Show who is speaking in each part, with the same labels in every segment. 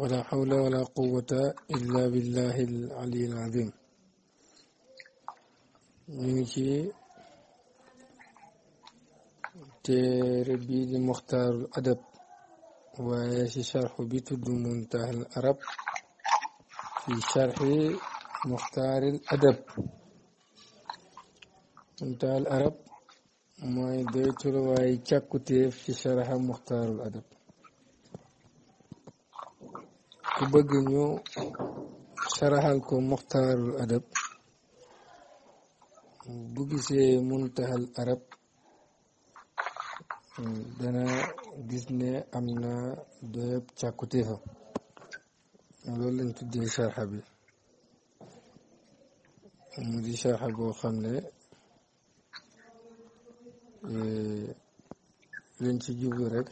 Speaker 1: ولا حول ولا قوة إلا بالله العلي العظيم نيجي تربي المختار الأدب ويشي شرح بتد منتهى العرب في شرح مختار الأدب منتهى العرب ما يدعي waaye càkkuteef ci شرح مختار الأدب ku bëgg ñu saraxal ko muxtaarul adab bu gisee muntahal arab dana gis ne am na doyab càkkutéefam loolu lañ tuddee sharxa bi mu di sharxa boo xam ne eh, lañ ci jublu rek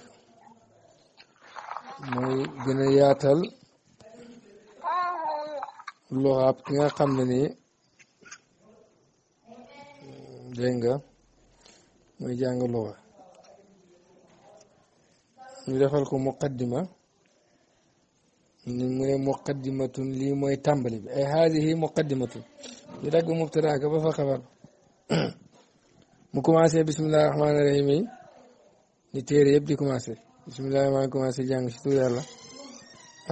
Speaker 1: mooy gën yaatal loxaab ki nga xam ni nii dégg nga muy jàng loxa ñu defal ko muqaddima ni mu ne muqaddimatun lii mooy tàmbali bi ay hadihi muqaddimatun ñu dagg mubtadaa ga ba fa xabar mu commencé bismillah rahmaani rahim yi ni téere yëpp di commencé bismillah maa ngi commencé jàng si tur yàlla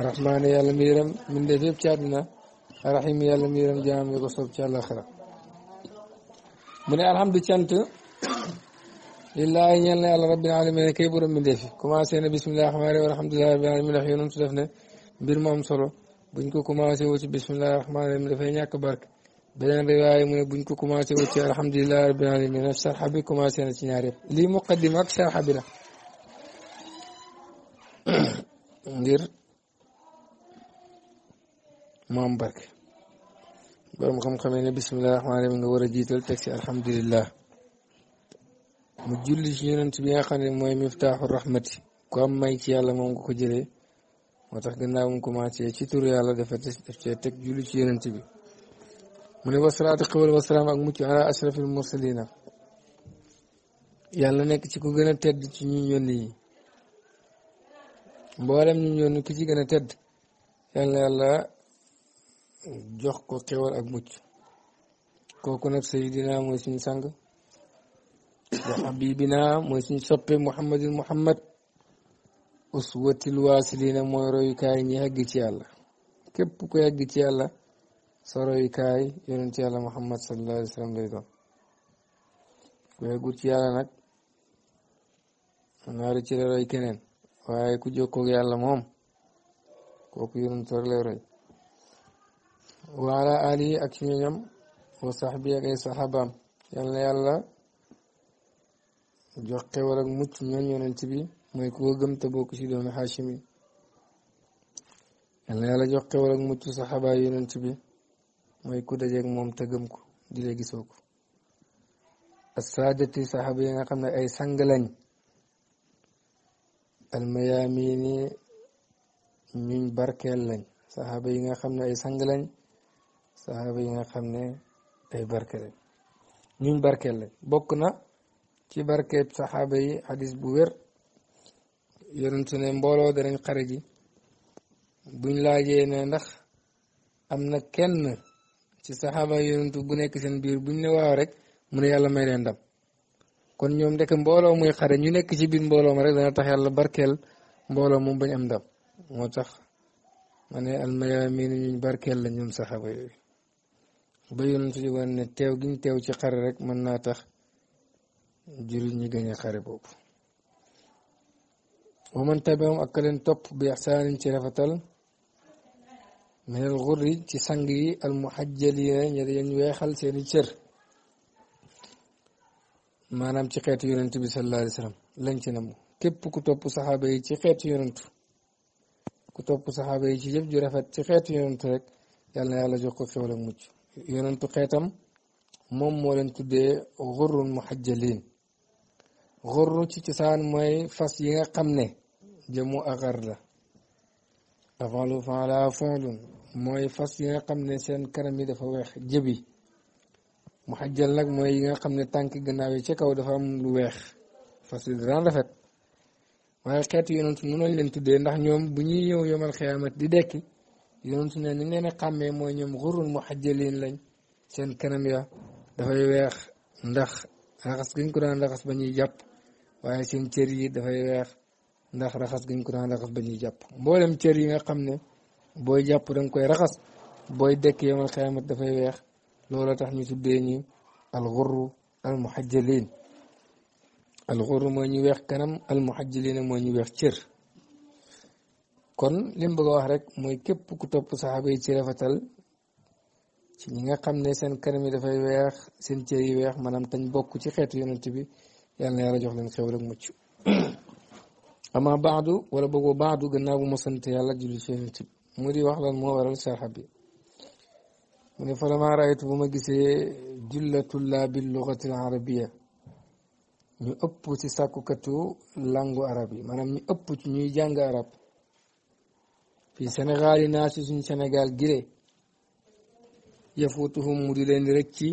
Speaker 1: rahmaani yàlla mi yërëm min def yëpp ci àdduna رحيم يا الله ميرم جام يغصب تشال الأخرى من الحمد تشانت لله يلا يا رب العالمين كيبر من ديفي كما سينا بسم الله الرحمن الرحيم والحمد لله رب العالمين الحيون سلفنا برمام صلو بنكو كما سيوش بسم الله الرحمن الرحيم لفين ياك بارك بلان رواية من بنكو كما سيوش الحمد لله رب العالمين نفسر حبي كما سينا تنعرف لي مقدم أكثر حبي ندير مام بركه borom xam-xam yi ne bisimilah rahmaani rahiim nga war a jiital teg ci alhamdulilah mu julli ci yonent bi nga xam ne mooy miftaaxu rahmati ku am may ci yàlla moom nga ko jëlee moo tax gannaaw mu commencé ci tur yàlla dafa def cee teg julli ci yonent bi mu ne wasalaatu xawal wasalaam ak mucc ala ashrafil mursalina yàlla nekk ci ku gën a tedd ci ñu yónni yi mboolem ñu yónni ku ci gën a tedd yàlla yàlla jox ko xewal ak mucc kooku nag sayidina mooy suñu sang wa xabibina mooy suñu soppe muhammadin muhammad uswatil waasilina mooy royukaay ñi yàgg ci yàlla képp ku yàgg ci yàlla sa royukaay yonent yàlla muhammad sallallahu alayhi lay doon ku yàggul ci yàlla nag naaru ci la roy keneen waaye ku jokkoo ak yàlla moom kooku yonent rek lay roy wa ala alihi ak ñoñam wa sahbi ak ay sahabaam yal na yàlla jox xewal ak mucc ñooñ yonent bi mooy ku ko gëm te bokk ci doon Haashim yi yal ak mucc saxaba yonent bi mooy ku dajeeg moom te gëm ko di la gisoo ko assaadati saxaba yi nga xam ne ay sang lañ almayaamini ñuñ barkeel lañ saxaba yi nga xam ne ay sang saxaaba yi nga xam ne ay barke lañ ñuñ barkeel lañ bokk na ci barkeeb saxaaba yi xadis bu wér yonentu ne mbooloo danañ xare ji buñ laajee ne ndax am na kenn ci saxaaba yonentu bu nekk seen biir buñ ne waaw rek mu ne yàlla may leen ndam kon ñoom ndekk mbooloo muy xare ñu nekk ci biir mbooloo ma rek dana tax yàlla barkeel mbooloo moom bañ am ndam moo tax ma ne almayamin ñuñ barkeel la ñoom saxaaba yooyu ba yonent di wan ne teew gi ñu ci xare rek mën naa tax jullit ñi gañ a xare boobu wa man tabi'ahum ak leen topp bi ihsaanin ci rafetal min al xurri ci sang yi al muhajjalina ña dañ weexal seen cër maanaam ci xeetu yonent bi sallallahu alayhi lañ ci képp ku topp saxaaba yi ci xeetu yonent ku topp saxaaba yi ci jëf ju rafet ci xeetu yonent rek yàlla na yàlla jox ko xéwal ak mucc yonentu xeetam moom moo leen tuddee xurrun muhajjalin xurru ci cosaan mooy fas yi nga xam ne jëmu axar la afalu faala faalun mooy fas yi nga xam ne seen kanam yi dafa weex jëbi muhajjal nag mooy yi nga xam ne tànk gannaaw yi ca kaw dafa am lu weex fas yi daan rafet waaye xeetu yonentu noonu leen tuddee ndax ñoom bu ñuy ñëw yomal xiyaamat di dekki yonent ne ni ngeen a xàmmee mooy ñoom xurul muhajjaliin lañ seen kanam ya dafay weex ndax raxas giñ ko daan raxas ba ñuy jàpp waaye seen cër yi dafay weex ndax raxas giñ ko daan raxas ba ñuy jàpp mboolem cër yi nga xam ne booy jàpp da nga koy raxas booy dekk yomal xiyaamat dafay weex loola tax ñu tuddee ñi al xurru al muhajjaliin al xurru mooy ñu weex kanam al muhajjaliin mooy ñu weex cër kon li mu bëgg a wax rek mooy képp ku topp saxaaba yi ci rafetal ci ñi nga xam ne seen kanam yi dafay weex seen cër yi weex maanaam tañ bokk ci xeetu yonent bi yàlla na yàlla jox leen xew rek mucc wala bëggoo baadu gannaaw ma sant yàlla julli ci yonent mu di wax lan moo waral sarxa bi mu ne falamaa raaytu bu ma gisee julla la lugati al ñu ëpp ci sàkkukatu langu arab yi maanaam ñu ëpp ci ñuy jàng arab fii Sénégal yi naa si suñ Sénégal gile yafutuhum mu di leen rek ci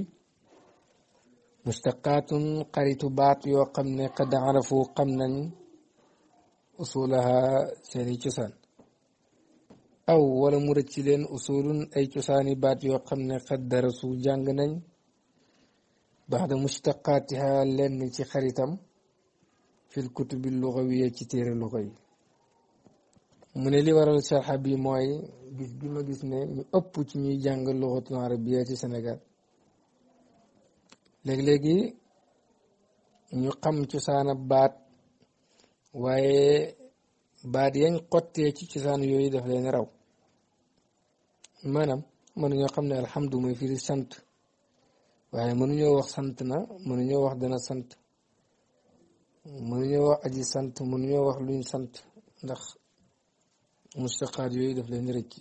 Speaker 1: mustaqaatun xaritu baat yoo xam ne xad arafu xam nañ usulaha seeni cosaan aw wala mu rëcc leen usulun ay cosaani baat yoo xam ne xad darasu jàng nañ baxda mustaqaatiha lenn ci xaritam fil kutubi lugawiya ci téere luga yi mu ne li waral sharxa bi mooy gis bi ma gis ne ñu ëpp ci ñuy jàng luxatul arabiya ci Sénégal léegi-léegi ñu xam cosaana baat waaye baat yañ xottee ci cosaan yooyu def leen raw maanaam mënuñoo xam ne alhamdu mooy firi sant waaye mënuñoo wax sant na mënuñoo wax dana sant mënuñoo wax aji sant mënuñoo wax luñ sant ndax مستقاد يوي داف لين رج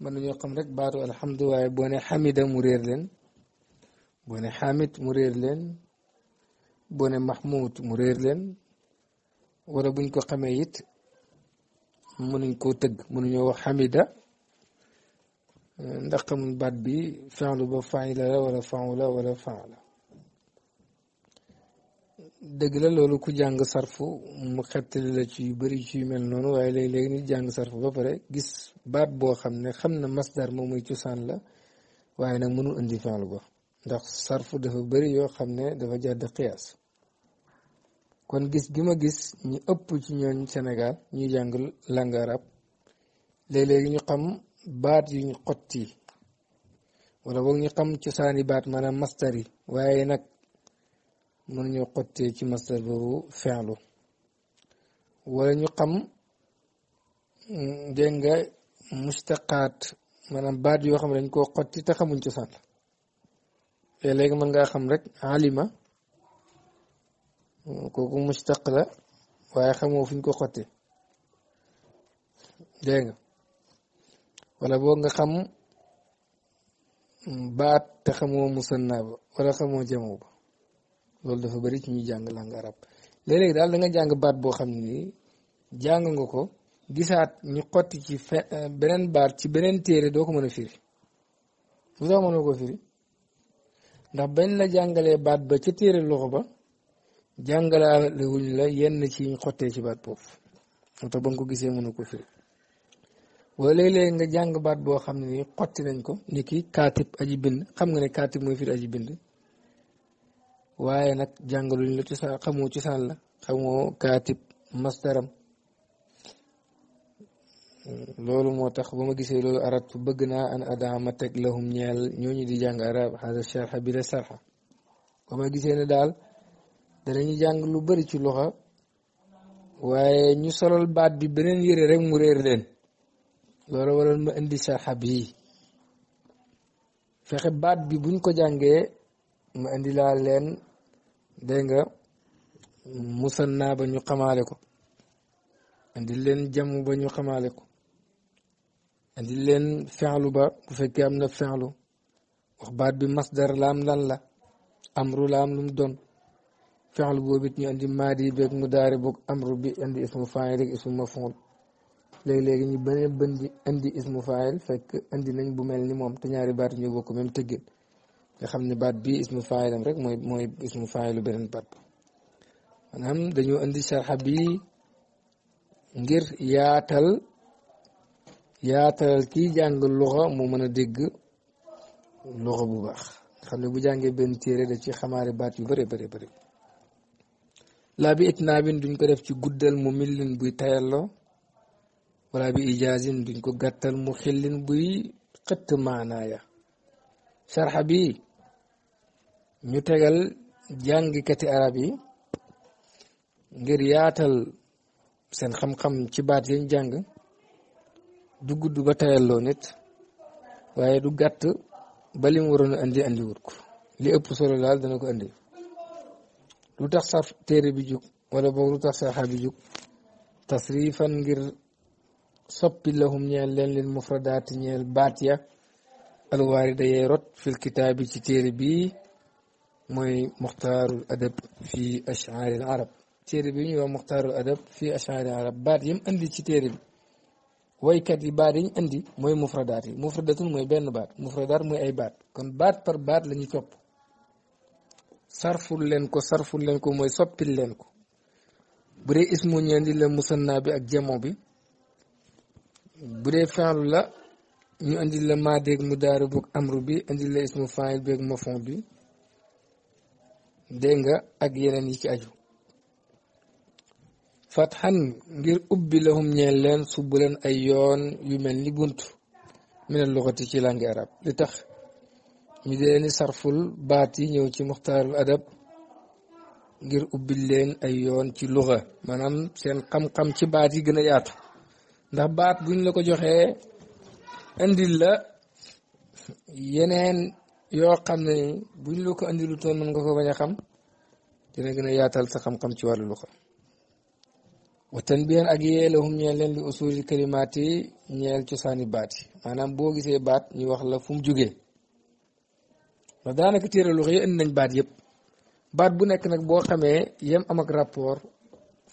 Speaker 1: من نيو قم رك بارو الحمد واي بوني حميد مرير لين بوني حامد مرير لين بوني محمود مرير لين ولا بوين كو قميت من نكو تج من نيو حميدة ndax xamul baat bi faanlu ba faan la ولا ولا faan la wala faan la dëgg la loolu ku jàng sarfu mu xettali la ci yu bari ci yu mel noonu waaye léeg-léeg nit jàng sarfu ba pare gis baat boo xam ne xam na masdar moom muy cosaan la waaye nag mënul indi fi'il ba ndax sarfu dafa bëri yoo xam ne dafa jàdd xiyaas kon gis gi ma gis ñu ëpp ci ñooñ Sénégal ñuy jàng langue arabe léeg ñu xam baat yu ñu xotti wala boog ñu xam cosaani baat maanaam masdar yi waaye nag mën ñu xotti ci masdar boobu fi'lu wala ñu xam dégg nga mustaqaat maanaam baat yoo xam ne dañ ko xotti te xamuñ cosaan la léegi mën ngaa xam rek alima kooku mustaq la waaye xamoo fuñ ko xotti dégg wala boo nga xam baat te xamoo musanna ba wala xamoo jamoo ba loolu dafa bari ci ñuy jàng langue arab léeg-léeg daal danga jàng baat boo xam ni jàng nga ko gisaat ñu xotti ci fe euh, beneen baat ci beneen téere doo ko mën a firi lu tax mënoo ko firi ndax bañ la jàngalee baat ba ca téere loxo ba jàngalaale wuñ la yenn ci ñu xottee ci baat boobu moo tax ba nga ko gisee mënoo ko firi wala léeg-léeg nga jàng baat boo xam ne ni xotti nañ ko ni ki kaatib aji bind xam nga ne kaatib mooy firi aji bind waaye nag jàngaluñ la cosaan xamoo cosaan la xamoo kaatib masteram loolu moo tax ba ma gisee loolu arat bëgg naa an adama teg lahum ñeel ñooñu di jàng arab hada sharha bi la sarha ba ma gisee ne daal danañu jàng lu bari ci loxa waaye ñu solal baat bi beneen yëre rek mu réer leen loolu waral ma indi sarxa bi fexe baat bi buñ ko jàngee ma leen dégg nga musanna ba ñu xamaale ko indi leen jamu ba ñu xamaale ko indi leen fexlu ba bu fekkee am na fexlu wax baat bi masdar laam lan la amru laam lu mu doon fexlu boobu it ñu indi maadi beeg mu daari boog amru bi indi ismu faayil rek ismu mafuul léegi-léegi ñu beneen bëndi indi ismu faayil fekk indi nañ bu mel ni moom te ñaari baat ñu ko même tëggin nga xam ne baat bii ismu faayilam rek mooy mooy ismu faayilu beneen baat ba maanaam dañoo indi sarxa bi ngir yaatal yaatal kii jàng luxa mu mën a dégg luxa bu baax nga xam ne bu jàngee benn téere da ci xamaari baat yu bare bare bare laa bi itnaabin duñ ko def ci guddal mu millin buy tayallo wala bi ijaazin duñ ko gàttal mu xillin buy xëtt maanaaya sarxa bi ñu tegal jàngikati arab yi ngir yaatal seen xam-xam ci baat yañ jàng du gudd ba tayalloo nit waaye du gàtt ba li mu waroon a andi wut ko li ëpp solo laal dana ko indi lu tax sax téere bi jug wala boog lu tax saxa bi jug tasrifan ngir soppi lahum ñeel leen leen mufradaati ñeel baat ya alwaarida yee rot fil kitaabi ci téere bi mooy muxtaarul adab fii ashaaril arab téere bi ñuy wax muxtaarul adab fii ashaaril arab baat yam andi ci téere bi waykat yi baat yi ñu andi mooy mufradaat yi mufradatun mooy benn baat mufradaat mooy ay baat kon baat par baat lañu ñuy sarful leen ko sarful leen ko mooy soppil leen ko bu dee ismu ñu andi la musanna bi ak jamo bi bu dee fenlu la ñu indi la maadeeg mudaaru bi ak amru bi andi la ismu faayil bi ak mafon bi dégg nga ak yeneen yi ci aju fatxan ngir ubbi lahum ñeen leen subb leen ay yoon yu mel ni bunt minal luxati ci langue arab li tax ñu dee ni sarful baat yi ñëw ci muxtaarul adab ngir ubbi leen ay yoon ci luxa maanaam seen xam-xam ci baat yi gën a yaatu ndax baat buñ la ko joxee indil la yeneen yoo xam ne ni buñ la ko andilu toon mën nga ko bañ a xam dina gën a yaatal sa xam-xam ci wàllu luxa wa tanbiyan ak yee lahum ñeel leen li usuli ci yi ñeel cosaani baat yi maanaam boo gisee baat ñu wax la fu mu jógee ndax daanaka téere luxa yi indi nañ baat yëpp baat bu nekk nag boo xamee yem am ak rapport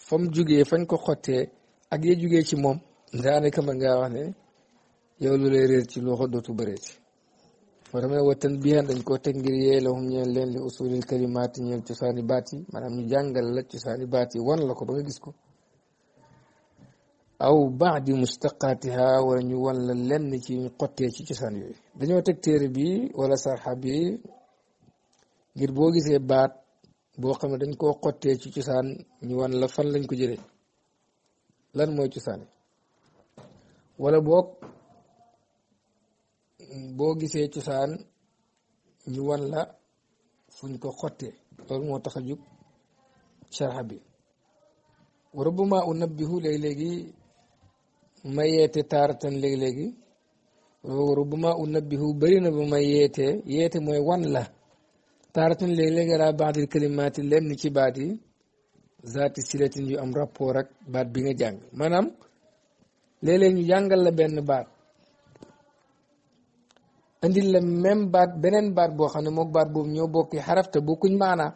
Speaker 1: fa mu fañ ko xottee ak ya jógee ci moom daanaka mën ngaa wax ne yow lu lay réer ci luxa dootu bëreeti moo tax ma ne wa dañ koo teg ngir yee lahum ñeen leen li usulil kalimaat yi ñeen cosaani baat yi maanaam ñu jàngal la cosaani baat yi wan la ko ba nga gis ko aw baadi mustaqaatiha wala ñu wan la lenn ci xottee ci cosaan yooyu dañoo teg téere bi wala sarxa ngir boo gisee baat boo xam ne dañ koo xottee ci cosaan ñu wan la fan lañ ko jëlee lan mooy cosaan yi wala boo gisee cosaan ñu wan la fuñ ko xottee loolu moo tax a jug sharxa bi wa rubbama unabbihu léegi-léegi ma yeete taaratan léegi-léegi wa rubbama unabbihu bëri na ba ma yeete yeete mooy wan la taaratan léegi-léegi ala baadil kalimaati lenn ci baat yi zaati silatin yu am rapport ak baat bi nga jàng maanaam léeg-léeg ñu jàngal la benn baat indil la même baat beneen baat boo xam ne mook baat boobu ñoo bokki xaraf te bokkuñ maanaa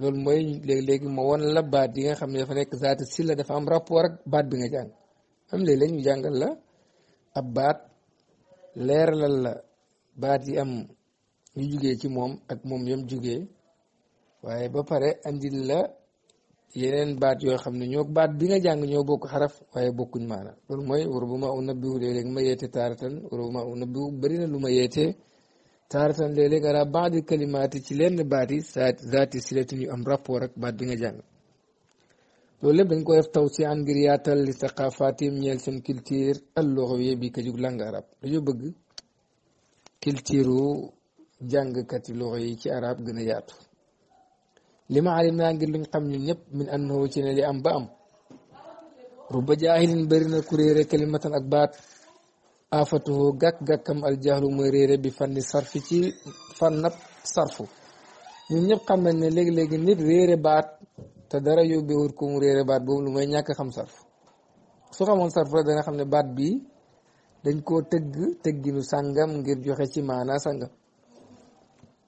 Speaker 1: loolu mooy léegi-léegi moo won la baat yi nga xam ne dafa nekk zaata si la dafa am rapport ak baat bi nga jàng am léegi la ñu jàngal la ab baat leeralal la baat yi am ñu jugee ci moom ak moom yam jugee waaye ba pare andil yeneen baat yoo xam ne ñoo baat bi nga jàng ñoo bokk xaraf waaye bokkuñ maana loolu mooy war bu ma u nabbiwu léeg-léeg ma yeete taaratan war bu ma u nabbiwu bëri na lu ma yeete taaratan léeg-léeg ala baadi kalimaati ci lenn baat yi saa zaati silatin yu am rapport ak baat bi nga jàng loolu lépp dañ koy def taw si an ngir yaatal li saqafaatim ñeel seen culture al lughawiyya bi ka jug langue arab dañoo bëgg culture jàngkat yi lugha yi ci arab gën a yaatu li ma alim naa ngir luñ xam ñun ñëpp min annahu ci ne li am ba am ruba jaahilin bëri na ku réere kalimatan ak baat afatuhu gàkk-gàkkam aljahlu mooy réere bi fanni sarfi ci fan fannab sarfu ñun ñëpp xam nañ ne léegi-léegi nit réere baat te dara yóbbe wut ko mu réere baat boobu lu mooy ñàkk xam sarf su xamoon sarf rek dana xam ne baat bi dañ koo tëgg tëgginu sàngam ngir joxe ci maanaa sàngam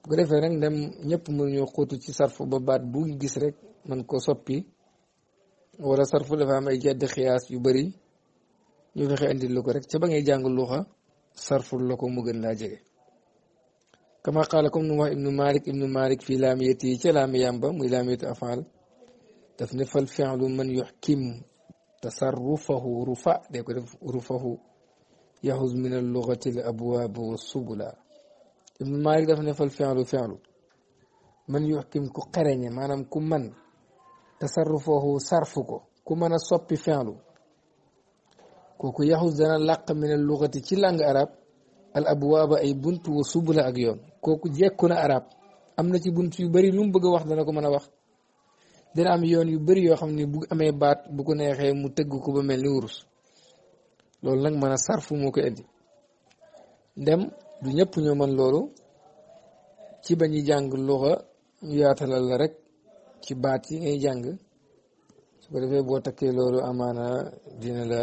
Speaker 1: bu ko defee nag ndem ñëpp mënuñoo xóotu ci sarfu ba baat bu gis rek man ko soppi wala sarfu dafa am ay jedd xiyaas yu bëri ñu fexe ko rek ca ba ngay jàng luuxa sarful la ko mu gën laa jege kama qaala kom nu wax ibnu malik ibnu malik fii laamiyati ca laamiyam ba muy laamiyatu afaal daf ne fal fi'lu man yuxkim tasarrufahu rufa de ko def rufahu yahuz min al lugati wa subula ibnu Malik dafa ne fal fi'lu fi'lu man yuxkim ku xereñe maanaam ku man tasarrufahu sarfu ko ku mën a soppi fi'lu kooku yaxus dana làq min al ci langue arab al abwaaba ay bunt wa subula ak yoon kooku jekku na arab am na ci bunt yu bari lu mu bëgg a wax dana ko mën a wax dina am yoon yu bari yoo xam ne bu amee baat bu ko neexee mu tëgg ko ba mel ni wurus loolu nag mën a sarfu moo ko indi ndem du ñëpp ñoo mën loolu ci bañuy jàng luxa ñu yaatalal la rek ci baat yi ngay jàng su ko defee boo takkee loolu amaana dina la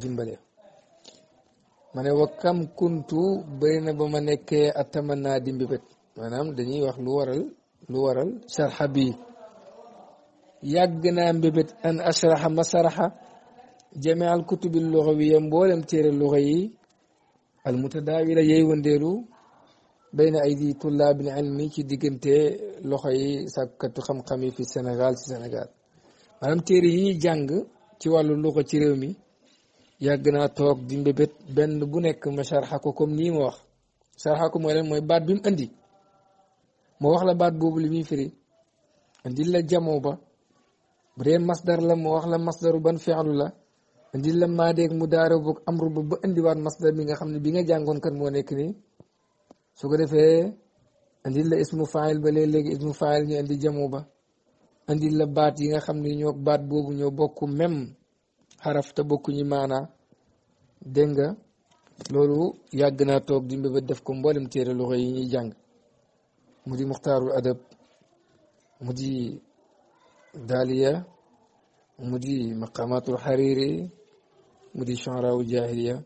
Speaker 1: dimbale ma ne wa kam kuntu bëri na ba ma nekkee atama naa dimbi bët maanaam dañuy wax lu waral lu waral sarxa yàgg naa mbébét an ashraxa ma saraxa jamial kutubil luxawiyya mboolem téere luxa yi المتداولة يهون ديرو بين أيدي طلاب العلمي كي ديجنت لخي سكت خم خمي في السنغال في السنغال مام تيري هي جانغ تي والو لوكو تي ريومي يغنا توك ديمبي بيت بن بو نيك ما شرحكو كوم ني مو وخ شرحكو مو لين موي بات بيم اندي مو وخ لا بات بوبو لي مي فري اندي لا جامو با بريم مصدر لا مو وخ لا مصدر بن فعل لا indi lammaa déeg mu daaro boog amru ba ba indiwaat masdar bi nga xam ne bi nga jàngoon kan moo nekk nii su ko defee indi la ismu faayil ba léeg-léegi ismu faayil ñu indi jamu ba indi la baat yi nga xam ne ñoo baat boobu ñoo bokk même xaraf te bokkuñu maanaa dégg nga loolu yàgg naa toog di mbébét def ko mboolem téere loxo yi ñuy jàng mu di muxtaarul adab mu di daaliya mu di maqamatul xariri mu di chanrawu jahiliya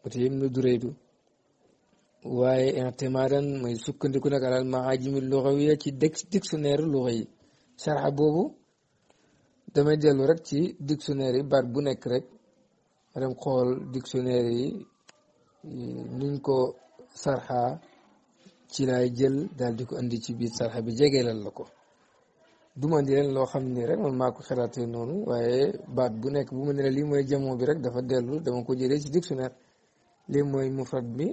Speaker 1: mu di yim nu dureydu waaye intimadan mooy sukkandiku nag alal maajimi luxawiya ci dictionnaire luxa yi sarxa boobu damay dellu rek ci dictionnaire yi baat bu nekk rek ma dem xool dictionnaire yi ko sarxa ci laay jël daal di ko andi ci biir sarxa bi jegee lal la ko duma di loo xam ni rek man maa ko xalaatee noonu waaye baat bu nekk bu ma ne lii mooy jamoo bi rek dafa dellu dama ko jëlee ci dictionnaire lii mooy mufrad bi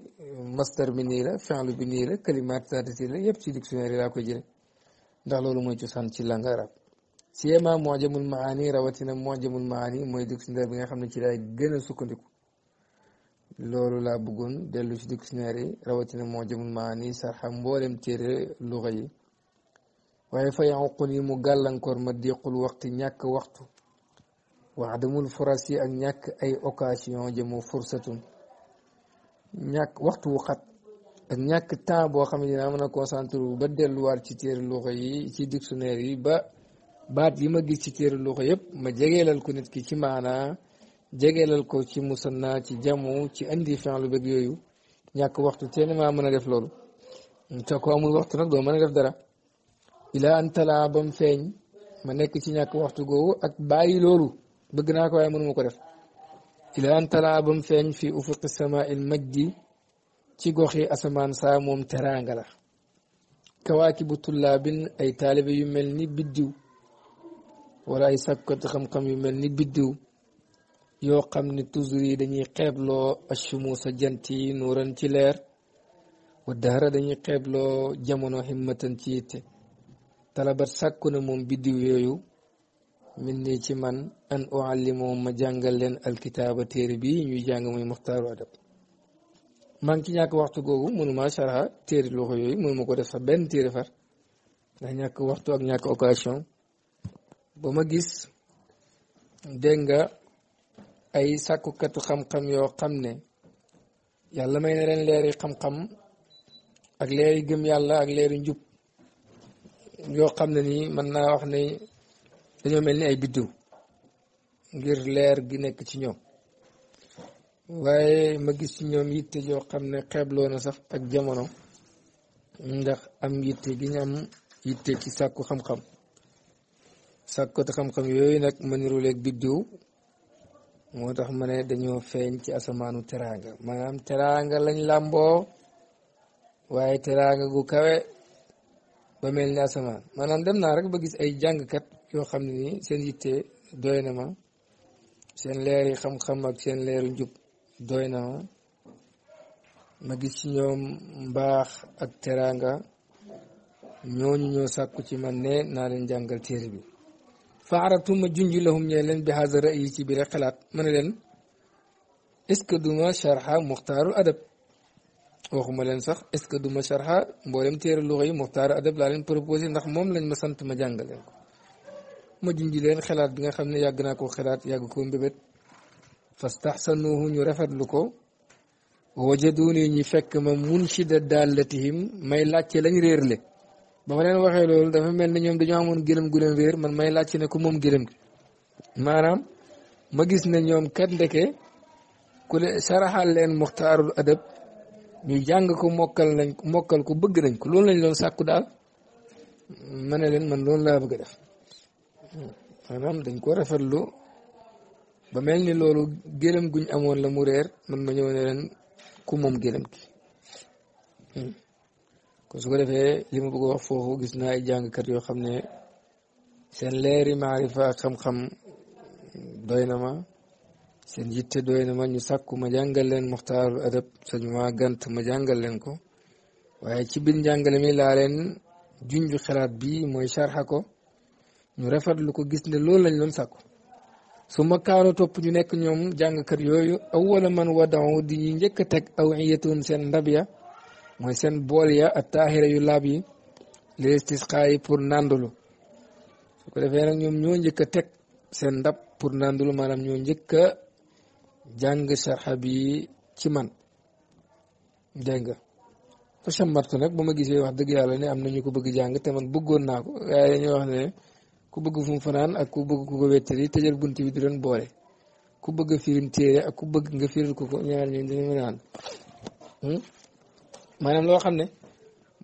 Speaker 1: masdar bi nii la fi'l bi nii la kalimaat saadati la yëpp ci dictionnaire yi laa koy jëlee ndax loolu mooy cosaan ci langue arab si yema mu'jamul maani rawatina mu'jamul maani mooy dictionnaire bi nga xam ne ci laay gën a sukkandiku loolu laa bëggoon dellu ci dictionnaire yi rawatina mu'jamul maani sarxa mboolem téere luga yi waaye fa yàqu mu gàllankoor ma diqul waxti ñàkk waxtu waxdamul furas yi ak ñàkk ay occasion jëmu fursatun ñàkk waxtu wu xat ak ñàkk temps boo xam ne dinaa mën a concentré wu ba delluwaat ci téere luxa yi ci dictionnaire yi ba baat yi ma gis ci téere luxa yëpp ma jegeelal ko nit ki ci maanaa jegeelal ko ci musanna ci jamu ci andi fin lu bëgg yooyu ñàkk waxtu teen maa mën a def loolu te ko amul waxtu nag doo mën a def dara ilaa antalaa ba feeñ ma nekk ci ñàkk waxtu googu ak bàyyi loolu bëgg naa ko waaye mënuma ko def ilaa antalaa ba mu feeñ fii ufuqi sama il majdi ci goxi asamaan saa moom teraanga la kawaakibu tullaabin ay taalibe yu mel ni biddiw wala ay sàkkat xam-xam yu mel ni biddiw yoo xam ni toujours yi dañuy xeebloo asumuusa jant yi nuuran ci leer wa daara dañuy xeebloo jamono himmatan ci yitte talabat sàkku na moom min ni ci man an uallimu ma jangal len alkitaaba tere bi ñu jang muy muxtaaru adab man ci ñak waxtu munu ma sharha téere loxo yooyu mënuma ko def sa ben tere far da ñak waxtu ak ñak occasion bo ma gis denga ay sakku sàkkukatu xam-xam yo xamne ne may na len leeri xam-xam ak leeri gem yalla ak leeri njub yoo xam ne nii mën naa wax ne dañoo mel ni ay biddiw ngir leer gi nekk ci ñoom waaye ma gis ci ñoom yitte yoo xam ne xeebloo na sax ak jamono ndax am yitte gi ñu am yitte ci sàkku xam-xam sàkkote xam-xam yooyu nag ma niruleeg biddiw moo tax ma ne dañoo feeñ ci asamaanu teraanga maanaam teraanga lañ làmboo waaye teraanga gu kawe ba mel ni asamaan maanaam dem naa rekk ba gis ay jàngkat yoo xam ne nii seen yitte doy na ma seen leeri xam-xam ak seen leeri njub doy na ma ma gis ci ñoom mbaax ak teraanga ñooñu ñoo sàkku ci man ne naa leen jàngal téere bi faaratu ma junj lahum ñee leen bi haza ra'yi ci biir xalaat ma ne leen est-ce que duma sharha muxtaaru adab waxuma leen sax est ce que du ma sharha mboolem téere luxa yi muxtaar adab laa leen proposé ndax moom lañ ma sant ma jàngaleen ko ma junji leen xalaat bi nga xam ne yàgg naa ko xalaat yàgg ko mbébét fastaxsanuhu ñu rafetlu ko wajaduni ñu fekk ma munshida dallatihim may laajte lañ réerle ba ma leen waxee loolu dafa mel ne ñoom dañoo amoon gëlëm gu leen réer man may laajte ne ku moom gëlëm gi maanaam ma gis ne ñoom kat ndeke ku leen saraxal leen muxtaarul ñu jàng ko mokkal nañ ko mokkal ko bëgg nañ ko loolu lañ doon sàkku daal ma ne leen man loolu laa bëgg def dañ ko rafetlu ba mel ni loolu guñ amoon la mu réer man ma ñëw ne leen ku moom gëlëm ki ko su ko defee li ma bëgg wax foofu gis naa ay jàngkat yoo xam ne seen leeri maarifa xam-xam doy na ma seen yitte doy na ma ñu sàkku ma jàngal leen muxtaarul adab sa ma gant ma jàngal leen ko waaye ci biir njàngale mi laa junju xalaat bi mooy sharxa ko ñu rafetlu ko gis ne loolu lañ doon sàkku su ma kaano topp ñu nekk ñoom jàngkat yooyu awwala man wadaw di ñuy njëkk teg aw iyatun seen ndab ya mooy seen bool ya ak taaxira yu laab yi li istisqa yi pour nàndulu su ko defee nag ñoom ñoo njëkk a teg seen ndab pour nàndulu maanaam ñoo njëkk jàng saxaab yi ci man dégg nga fasammat ko nag ba ma gisee wax dëgg yàlla ne am na ñu ko bëgg jàng te man bëggoon naa ko waaye dañuy wax ne ku bëgg fu fanaan ak ku bëgg ku ko wettali tëjal bunt bi di doon boole ku bëgg a firim téere ak ku bëgg nga firil ko ko ñaar ñoom dinañu naan maanaam loo xam ne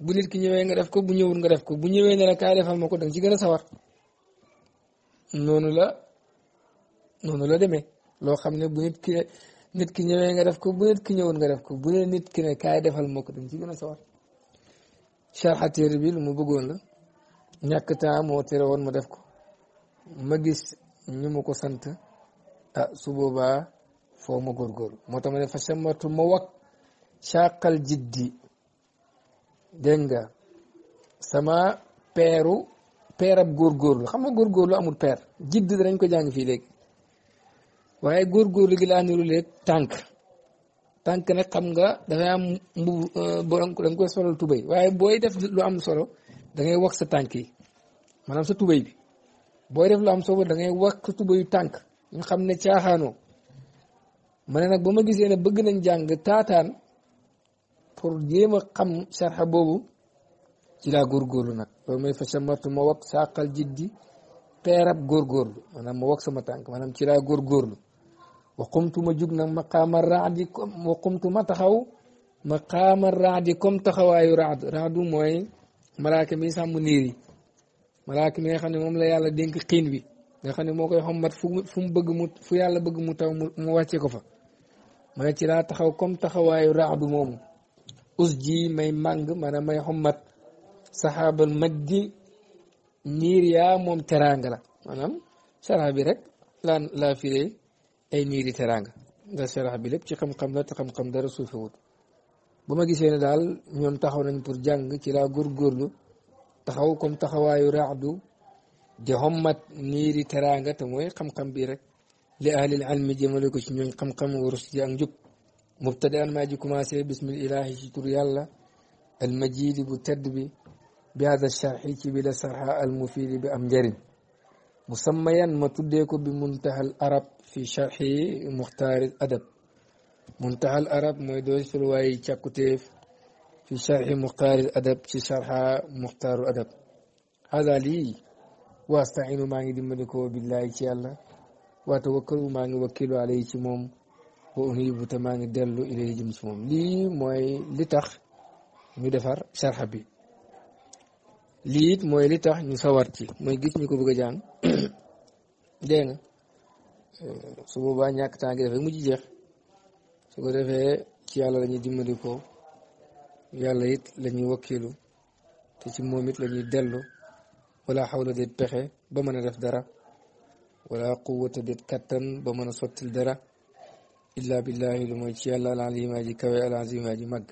Speaker 1: bu nit ki ñëwee nga def ko bu ñëwul nga def ko bu ñëwee ne la kaay defal ma ko danga ci gën a sawar noonu la noonu la deme loo xam ne bu nit ki nit ki ñëwee nga def ko bu nit ki ñëwul nga def ko bu dee nit ki ne kaay defal moo ko dañ ci gën a sawar sharxa téere bi lu mu bëggoon la ñàkk temps moo tere woon ma def ko ma gis ñu ma ko sant ah su boobaa foo ma góorgóorlu moo tax ma ne fa samatu ma wak caqal jiddi dégg nga sama peeru peerab góorgóorlu xam nga góorgóorlu amul peer jidd dañ ko jàng fii léegi waaye góorgóorlu gi laa niru léeg tànk tànk nag xam nga dangay am mbubb euh, borom da nga koy solal tubéy waaye booy def lu am solo da wax sa tànk yi maanaam sa tubéy bi booy def lu am solo da ngay wax sa tubéyu tànk ñu xam ne caaxaanoo ma ne nag ba ma gisee ne bëgg nañ jàng taataan pour jéem a xam sarxa boobu ci laa góorgóorlu nag loolu mooy fa samartu ma wax saaqal jiddi peerab góorgóorlu maanaam ma wax sama tànk maanaam ci laa góorgóorlu wa waqumtu ma jug nag maqaama raadi comme waqumtu ma taxaw maqaama raadi comme taxawaayu raadu raadu mooy malaaka mi sàmm niir yi malaaka mi nga xam ne moom la yàlla dénk xiin wi nga xam ne moo koy xommat fu fu mu bëgg mu fu yàlla bëgg mu taw mu wàcce ko fa ma ne ci laa taxaw comme taxawaayu raadu moomu us ji may màng maanaam may xommat saxaabal majdi niir yaa moom teraanga la maanaam sara bi rek laa laa firee ay niiri teraanga ndax sarax bi lépp ci xam-xam la te xam-xam dara suufewut bu ma gisee ne daal ñoom taxaw nañ pour jàng ci laa góorgóorlu taxaw comme taxawaayu raadu di hommat niiri teraanga te mooy xam-xam bii rek li ahlil ilmi jëmale ko ci ñooñ xam-xam warus ji ak njub mubtada an maa ji commencé bismillahi ci tur yàlla almajidi bu tedd bi bi hada sharxi ci bi la sarxa bi am njëriñ musammayan ma tuddee bi muntahal arab في شرح مختار الأدب منتهى العرب mooy doon si waay càkkutéef في شرح مختار الأدب ci شرح مختار الأدب هذا لي واستعين maa ngi dimbali ko billahi ci yàlla watawakkalu maa ngi wakkilu alayhi ci moom wa unibu te maa ngi dellu ilayhi jëm ci moom lii mooy li tax ñu defar sharxa bi lii it mooy li tax ñu sawar ci mooy gis ñu ko bëgg a jàng dégg nga su boobaa ñàkk temps gi dafay mujj jeex su ko defee ci yàlla la ñuy dimbali ko yàlla it la ñuy wakkilu te ci moom it la ñuy dellu wala xawla déet pexe ba mën a def dara wala quwwata déet kattan ba mën a sottil dara illa billahi lu mooy ci yàlla al alima ji kawe al azima ji màgg